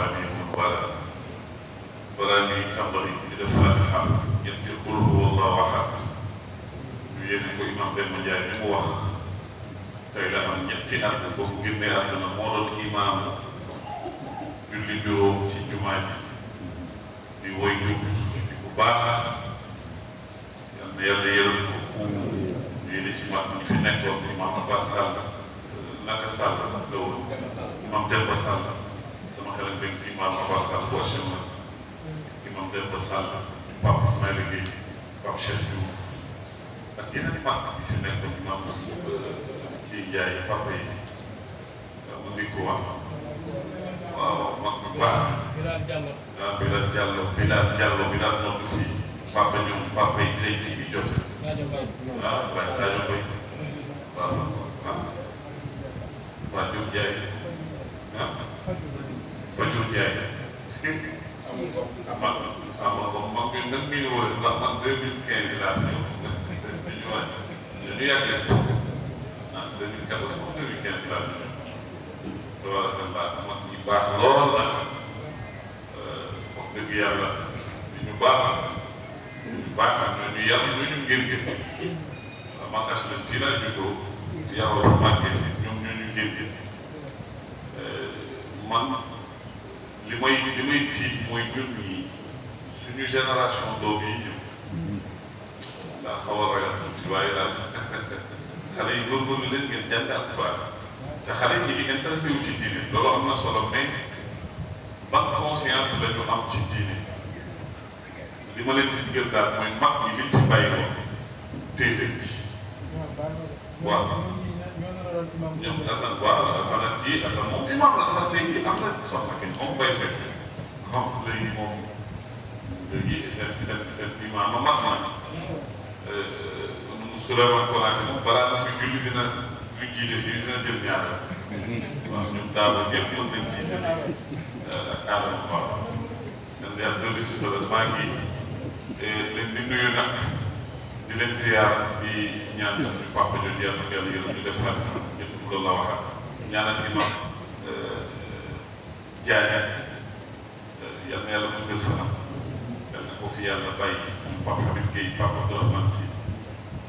asaabihim wala balaa ñuy tàmbali di def fatiha ñetti qul huwa allahu ahad ñu yéene ko imam Demba Ndiaye ni mu wax tey la am ñetti at ba mu génnee àdduna moo doon imam julli juróom ci jumaa ji di woy jub di bu baax yal na yàlla yërëm ko ku yéene ci mag ñi fi nekkoon imam Abbas Sall naka Sall sax la woon imam Demba Sall Jalle Mbengue fi imam Abbas Sall bu HLM imam Demba Sall Pape Ismaïla Guèye Pape Cheikh Diouf ak yeneen imam yi fi nekk imam kii Ndiaye papa yi mu ngi ko wax waaw mag bu baax waaw Bilal Diallo Bilal Diallo Bilal noonu fii papa ñoom papa yi tey jii ñu jot waaw waaye Sadio Mbaye waaw waaw waaw Diop Ndiaye Sébi sama sama mbokk yi nag mi ngi woon ndax man deux mille quinze laa ñëw dañu wàññi dañu yàgg ah deux mille quatorze moom deux mille quinze laa ñëw tabaarakallah mag ñi baax lool la wax dëgg yàlla ñu baaxal ñu baaxal ñu ñu yàlla ñu ñu ngeen jënd man aslan fii laa juddoo yàlla ñu màggee si ñoom ñoo ñu ngeen jënd man. li may li may tiit mooy ñun ñii suñu génération doom yi ñëw ndax xaw a ragal tuuti waaye daal xale yi góorgóorlu leen ngeen jàng alquran te xale yi ñu intéressé wu ci diine loolu am na solo mais ban conscience li ma leen di digal daal mooy mag ñi liñ ci bàyyi woon téye leen ci waaw ñoom asan waaw asan tubaab la sax léegi am na soxna moom koy seet xam léegi moom léegi seen seen seen bi ma ma Souleymane Konaté moom balaa nga fi julli dina ñu jiite fii dina jël ñaar waaw ñun daawul ñëpp mën nañ jiite ak aadama waaw man yàlla dolli si tool maa ngi leen di nuyu nag di leen ziar di ñaan suñu papa jooju yàlla yàlla yërëm ñu def nag ñëpp loolu la waxaat ñaanal imam jaane yal na yàlla mu jël fanam yal na ko fi yàlla bàyyi moom Pape Habib Gueye Pape Abdourahmane Sy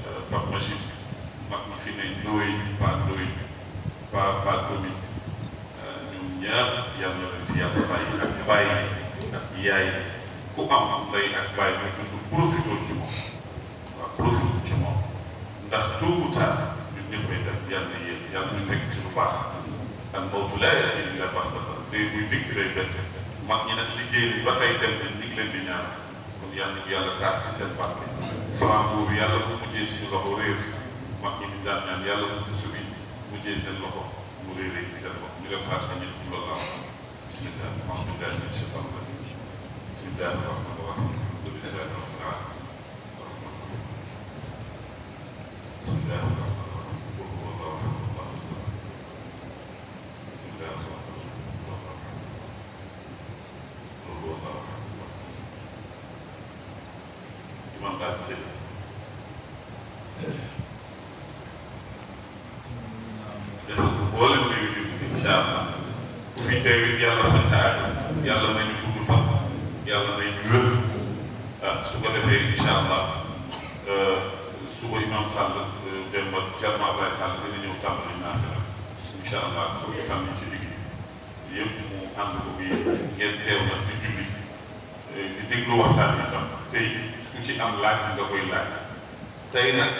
euh, Pape Machine mag ma fi ne ndooy pa ndooy pa pa Gomis euh, ñoom ñaar yal na leen fi yàlla bàyyi ak bàyyi ak yaay ku am am lay ak bàyyi mooy ñu profité ci moom waaw profité ci moom ndax tôt ou tard ñun ñëpp ay def yàlla na yéen yàlla ñu fekk ci lu baax day buy dikk lay bett mag ñi nag liggéey bi ba tey dem nañ ñu ngi leen di ñaan kon yàlla nañu yàlla taas ci seen barke franc boobu yàlla bu mujjee suñu loxo réer mag ñi ñu daan ñaan yàlla bu mu subi mujjee seen loxo mu réeree ci seen loxo ñu def fàtte ñu ne loolu am bismillah alhamdulilah min shaitan rajim bismillah rahman rahim alhamdulilah rabbil alamin bismillah rahman rahim incha allah soo ko sànni ci digg yëpp mu ànd ko bi ngeen teew nag di julli si di déglu waxtaan bi tam ci am laaj nga koy laaj tey nag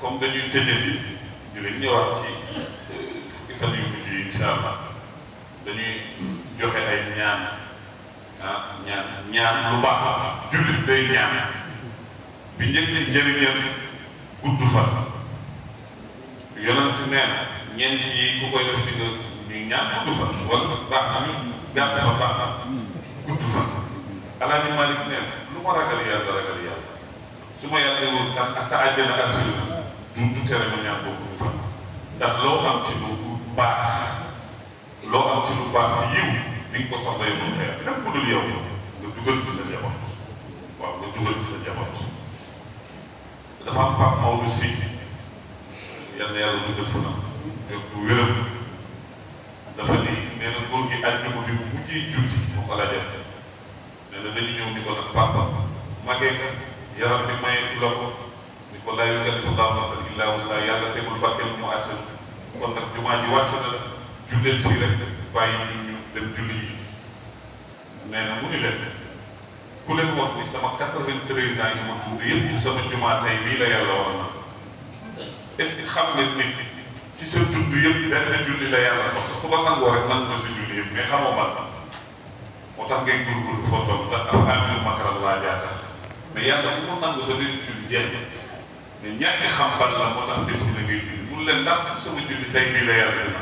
comme dañuy tëjee bi di leen ñëwaat ci fukki fan yu mujj yi incha allah joxe ay ñaan ah ñaan ñaan lu baax jullit day ñaan bi njëkk njëriñam gudd fan yonent nee na ñeent yi ku koy def fi nga ñu ñaan gudd fa wala baax na ñu gàtt fa baax na gudd fa alaaji Malick nee na lu ma ragal yàlla ragal yàlla su ma yàlla woon sax sa àjjana assuré du du tere ma ñaan boobu gudd fa ndax loo am ci lu baax loo am ci lu baax ci yiw di nga ko soxla yow xëy na même bu dul yow nga dugal ci sa njaboot waaw nga dugal ci sa njaboot dafa am Pape Maodo Si yàlla yàlla dugal fa na def bu dafa ni nee na góor gi àjjuma bi bu mujjee julli moo ko la def nee na dañu ñëw ni ko nag papa magee nga yaram bi mayeetu la ko ni ko laa yukallifu llaahu nafsan illaa wusaa yàlla tegul barkeel mu àttal kon nag ji wàcc na julleen fii rek bàyyi ñu ñu dem julli yi na mu ni leen ku leen wax ni sama quatre-vingt-treize ans yi ma dund yëpp sama jumaa tey lii la yàlla war a est-ce que xam ngeen nit ci sa dund yëpp benn julli la yàlla soxla su ko nangoo rek nangu nga sa julli yëpp mais xamoo man moo tax ngay góorgóorlu foo toll ndax am amilu makaral laa jaatax mais yàlla bu mu nangu sa benn julli jeex na mais ñàkk xam fan la moo tax des na ngay julli mun leen ndax sama julli tey bii la yàlla dina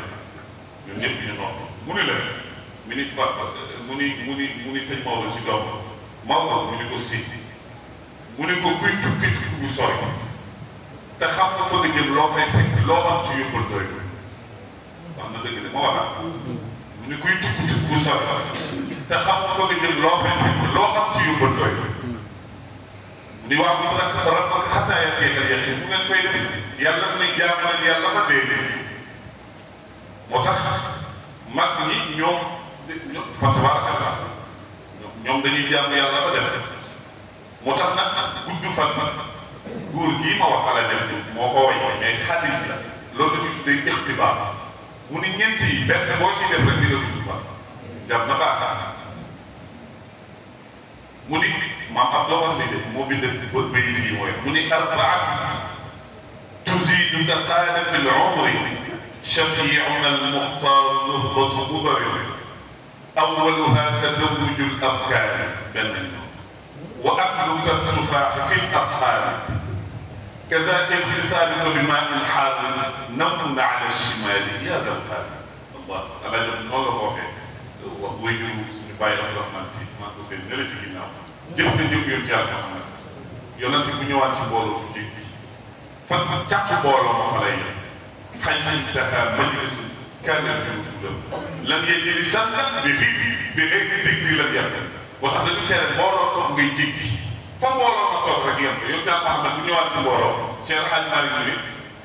ñun ñëpp ñu noonu mu ni la mu ni pa mu ni mu ni mu ni sëñ Maodo si doom Maodo mu ni ko si mu ni ko kuy tukki tukki bu te xam nga fa nga jëm loo fay loo am ci yóbbal doy wax na dëgg de ma wax mu ni kuy tukku ci bu sar te xam nga fa nga jëm loo fay fekk loo am ci yóbbal doy mu ni waa mu nag rabal xataa ya teekal yaqi mu ngeen koy def yàlla mu ni jaamal yàlla ma dee moo tax mag ñi ñoom fa tabaaraka ñoom dañuy jàmm yàlla ba dem moo tax nag gudd fan غور جيما وخلا دمج موكو واي مي حديث لا لودو نيت دي اقتباس موني نينتي بن بو سي ديف رك ديو توفا جاب نبا تا موني ما عبد الله لي دي مو بيد بوت بي دي واي موني اربعه تزيد تقال في العمر شفيعنا المختار نهضة قبر أولها تزوج الأبكار بل وأكلك التفاح في الأصحاب كذا ابن ثابت بماء حاضر نمنا على الشمال يا ذا الله انا لم اقول هو وينو سيباي عبد الرحمن سي ما توسي نلي جي نافا جيف ني جيف يو تيار محمد يونتي بو نيوات سي بولو في جي فك تاك بولو ما فالاي خالص تا مجلس كان يرسل لم يجري سنه بفي بريك تيك لم يكن وخا نتي بولو كو جي جي fa mbooloo ma toog rek yem fa yow caa tax na bu ñëwaat ci mbooloo Cheikh Hadj Malick ni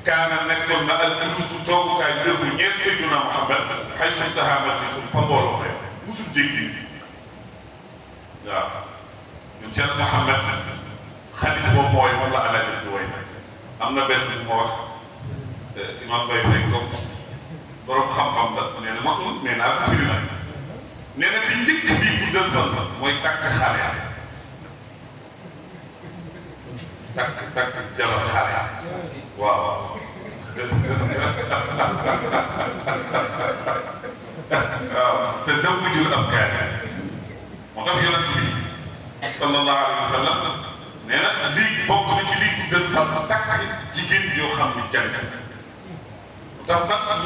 kaana nekkoon na al julusu toogukaay dëggu ñeent Seydina Muhammad xay suñ saxaaba bi suñ fa mbooloo rek musul jéggi waaw ñun Cheikh Muhammad xalis boobu mooy wala alaaji bi way am na benn bu ma wax imam Baye Faye comme borom xam-xam la nee na ma nee naa ko firi na nee na bi njëkk bii bu dal sant mooy tàkk xale takk takk jabar xale waaw waaw te zawwijul abkaar moo tax yonent bi sallallahu alayhi wa sallam nee bokk na ci lii gën fa takk jigéen yoo xam ne jàng moo tax nag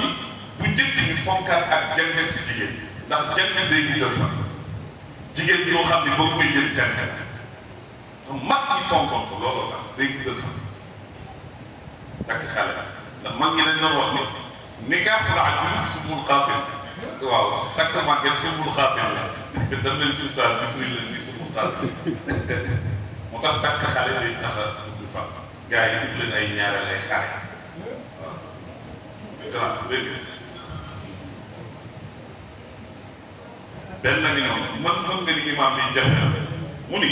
bu njëkk ñu fonkaat ak jàng ci jigéen yoo xam ne boo koy jël jàng mag ñi fonkoon ko looloo tax day guddal fan takk xale la mag ñi dañ doon wax ne nikaaxul ajuz sumul xaatin waaw takk màgget sumul xaatin la dam leen ci misaal bi firi leen ni sumul xaatin moo tax takk xale day tax a gudd fan gars yi def leen ay ñaareel ay xare waaw grand dégg benn ngi noonu mën mën nga ni imaam bi jafe mu ni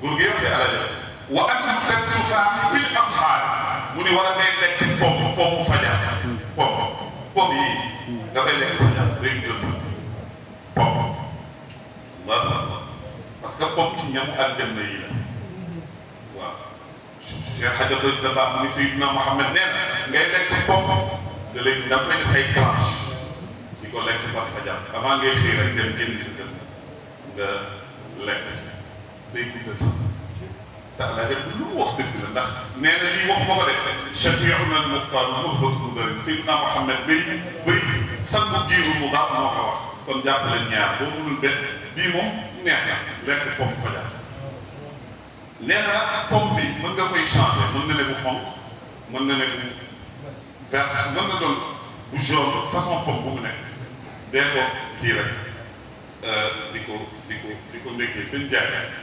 góor gi yëpp de alal la wa aklu kattu faax fil asxaar mu ni war a ngay lekk pomp pomp fajar pomp pomp yi nga koy lekk fajar léegi jël pomp waaw parce que pomp ci ñam aljanna yi la waaw Cheikh Hadjar Rachid Ba mu ni Seydina Mouhamed nee na ngay lekk pomp da léegi da koy def ay tranche di ko lekk ba fajar avant ngay xëy rek dem génn sa kër nga lekk day gudd ndax laa def lu wax dëgg la ndax nee na lii wax ba ko def shafiuna al muxtaar muhbat mudarim sayyidina Muhammad bay bay sant jiiru mu baax moo ko wax kon jàppale ñaar boo mënul benn bii moom neex na lekk pomme fa jaar nee na pomme bi mën nga koy changé mën na ne bu xonq mën na ne bu vert mën na doon bu jaune façon pomme bu mu nekk dee ko kii rek di ko di ko di ko ndékkee seen jaay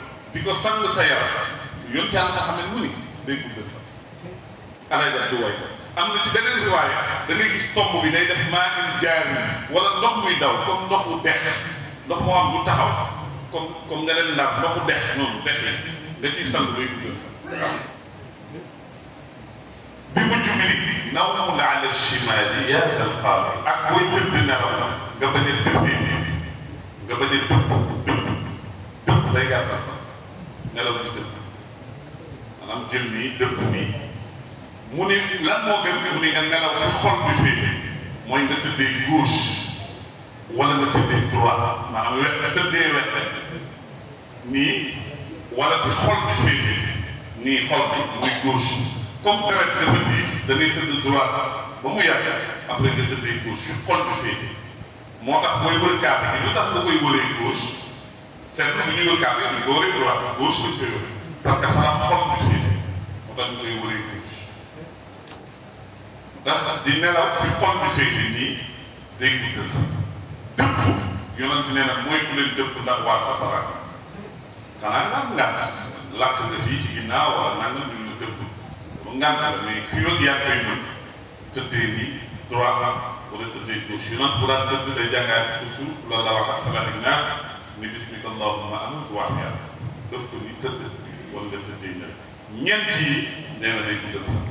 diko sang sa yar yonent am Muhammad xamne muni day guddal def ala da do way am na ci benen riwaya da ngay gis tomb bi day def ma in jaari wala ndox muy daw comme ndoxu dex ndox mo am bu taxaw comme comme nga leen ndax ndoxu dex non dex yi da ci sang day guddal fa waaw bi mujj bi nawmul ala chimaali yaa sal qaari ak teud na nelaw nga bañe a dëppee nga bañe a dëpp dëpp dëpp day fa nelaw di dëpp maanaam jël nii dëpp nii mu ne lan moo gën gëm ni nga nelaw xol bi fii mooy nga tëddee gauche wala nga tëddee droite maanaam wet nga tëddee wala fi xol bi fii nii xol bi muy gauche comme deret dafa diis da ngay tëdd droite ba mu yàgg après nga gi lu tax nga seetlu bu ñuy wër kàddu yi góor yi droite gauche lañ koy wër parce que xanaa fii moo tax ñu koy wëree gauche di nelaw fi xol bi féete nii day guddal fa dëpp yonent nee na mooy ku leen dëpp ndax waa safara xanaa nga am ngànt làkk nga fii ci ginnaaw wala nangam ñu la dëpp ba ngànt la mais fii ak yaa koy mën tëddee nii droite wala tëddee gauche yonent bu daan tëdd day jàngaat toujours loolu la wax ni bismika allahumma amut wax yàlla def ko ni tëdd wala nga tëddee ñëw ñeent yi nee na day guddal fan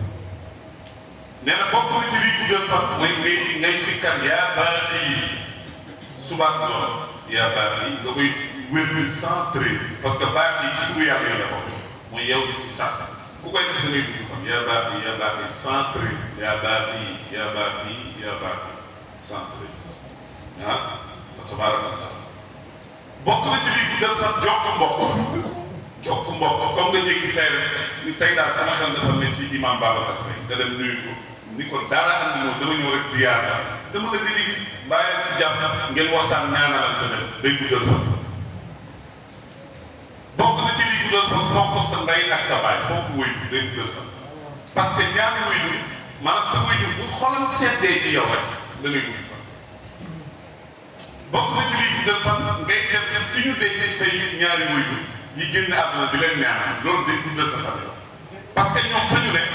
nee na bokk na ci liy guddal fan mooy ngay ngay sikkar yaa baati yi subaat lool yaa baati yi nga koy wér cent treize parce yi ci turu yàlla yi ko mooy yow ni sax ku koy def da ngay gudd fan yaa baati yi yaa baati yi cent treize yaa baati yi yaa baati yi yaa baati yi cent wa ah, tabaraka bokk na ci lii guddal sax jokk mbokk jokk mbokk comme nga jékki tey ni tey daal sama xel dafa ne ci imam Babacar Faye da dem nuyu ko ni ko dara andi moom dama ñëw rek ziyaar la dama la gën a gis bàyyi ci jàpp ngeen waxtaan ñaanalante dem day guddal sax bokk na ci lii guddal sax fonk sa ndey ak sa baay fonk wuyu day guddal sax parce que ñaari wuyu maanaam sa wuyu bu xolam seddee ci yow rek da ngay gudd bokk na ci liy guddal fan ngay dem fi ñu denc say ñaari wuyu yi génn àdduna di leen ñaanal loolu day guddal sa fan parce que ñoom fa ñu nekk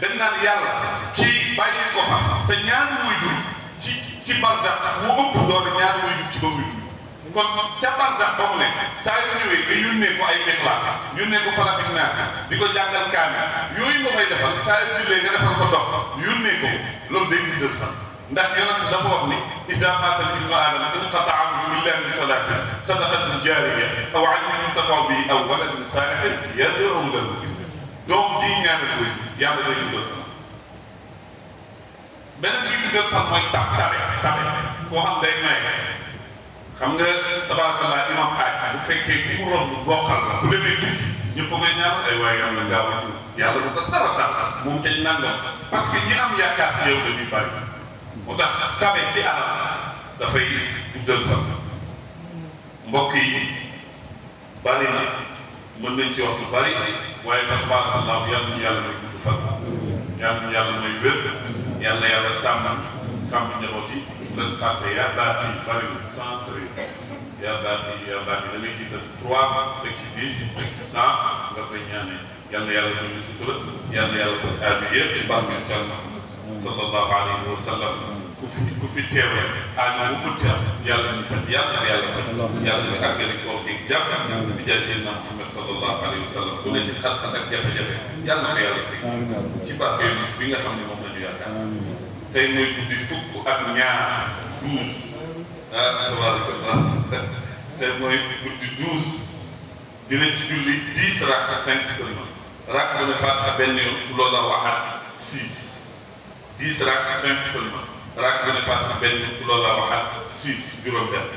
dañ naan yàlla kii bàyyi ko fa te ñaari wuyu ci ci barzaq moo ëpp doole ñaari wuyu ci ba wuyu kon ca barzaq ba mu nekk saa yu ñëwee nga yónnee ko ay ixlaas yónnee ko falaq ak naas di ko jàngal kaamil yooyu nga koy defal saa ko loolu day guddal fan. ndax yonent dafa wax ni isa qaatal ibnu aadama inqata amalu illa min sadaqat al jariya aw ilmin yuntafa bi aw walad salih yad'u lahu donc di ñaan ko ñaanal koy yàlla day dundal sama beneen bi dundal sama moy tab tabe tabe ko xam day may xam nga tabarakallah imam aaj bu fekke ki mu romb bokkal la bu demee tukki ñëpp ngay ñaan ay waaye yàlla gaaw a yàlla bu ko dara dara moom kañ nangam parce que ñi am yakkat ci yow dañuy bari moo tax tabe ci alal dafay guddal fan mbokk yi bari na mën nañ ci wax lu bari waaye fa tabaaraka allah yàlla ñu yàlla may gudd fan yàlla ñu yàlla may wér yàlla yàlla sàmm sàmm njaboot yi leen fàtte yaa baaqi bari na cent treize yaa baaqi yaa baaqi da ngay jiital trois teg ci dix teg ci cent nga koy ñaanee yàlla yàlla ñu sutura yàlla yàlla ci baax ngeen ci sallallahu Alaihi Wasallam ku fi tewe fi teew rek aaju bu mu teew yalla ñu fan bi jasi na Muhammad sallallahu Alaihi Wasallam ko ni khat khat ak jafe-jafe yalla ko yalla ci ci ko ni bi nga xamni mom la ñu tay moy ku di fuk ak ñaar douze ah moy ku di di ci julli 5 seulement yoon la dix rakk cinq seulement rakk bu ne fàttali benn ci loolu waxaat six juróom-benn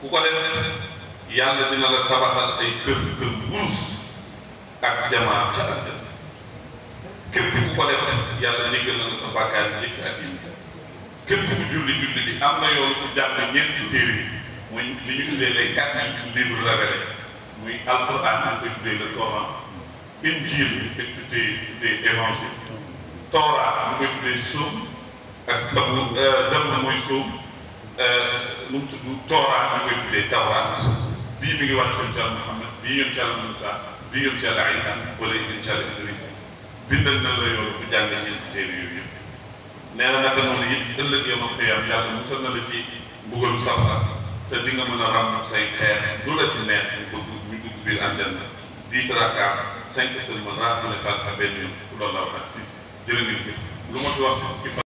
ku ko def yàlla dina la tabaxal kër kër wurus ak jamaa ca àjjana képp ku ko def yàlla jéggal na la sa bàkkaar njëkk ak yi képp ku julli julli bi am na yoon ku jàng ñeenti li ñu tuddee les quatre livres révélés muy alquran ñu koy tuddee le Coran injil ñu koy tuddee tuddee évangile tawraat ñu koy tuddee suum ak sabu euh, zabur mooy suum lu euh, mu tudd tawraat ñu koy bii mi ngi wàccoon ci yàlla Muhammad bii yoon ci yàlla Moussa bii yoon ci yàlla Isa wala yoon ci yàlla Idris bindal na la yoon bu jàng ñeenti téere yooyu yëpp nee na naka noonu yëpp ëllëg na la ci mbugalu safara te di nga mën a ràmm say xeer lu la ci neex ñu ko dugg ñu dugg biir àjjana dix rakaat cinq sëlmal ràmm ne Fatiha a yoon loolu la wax ak six जिले में लोगों से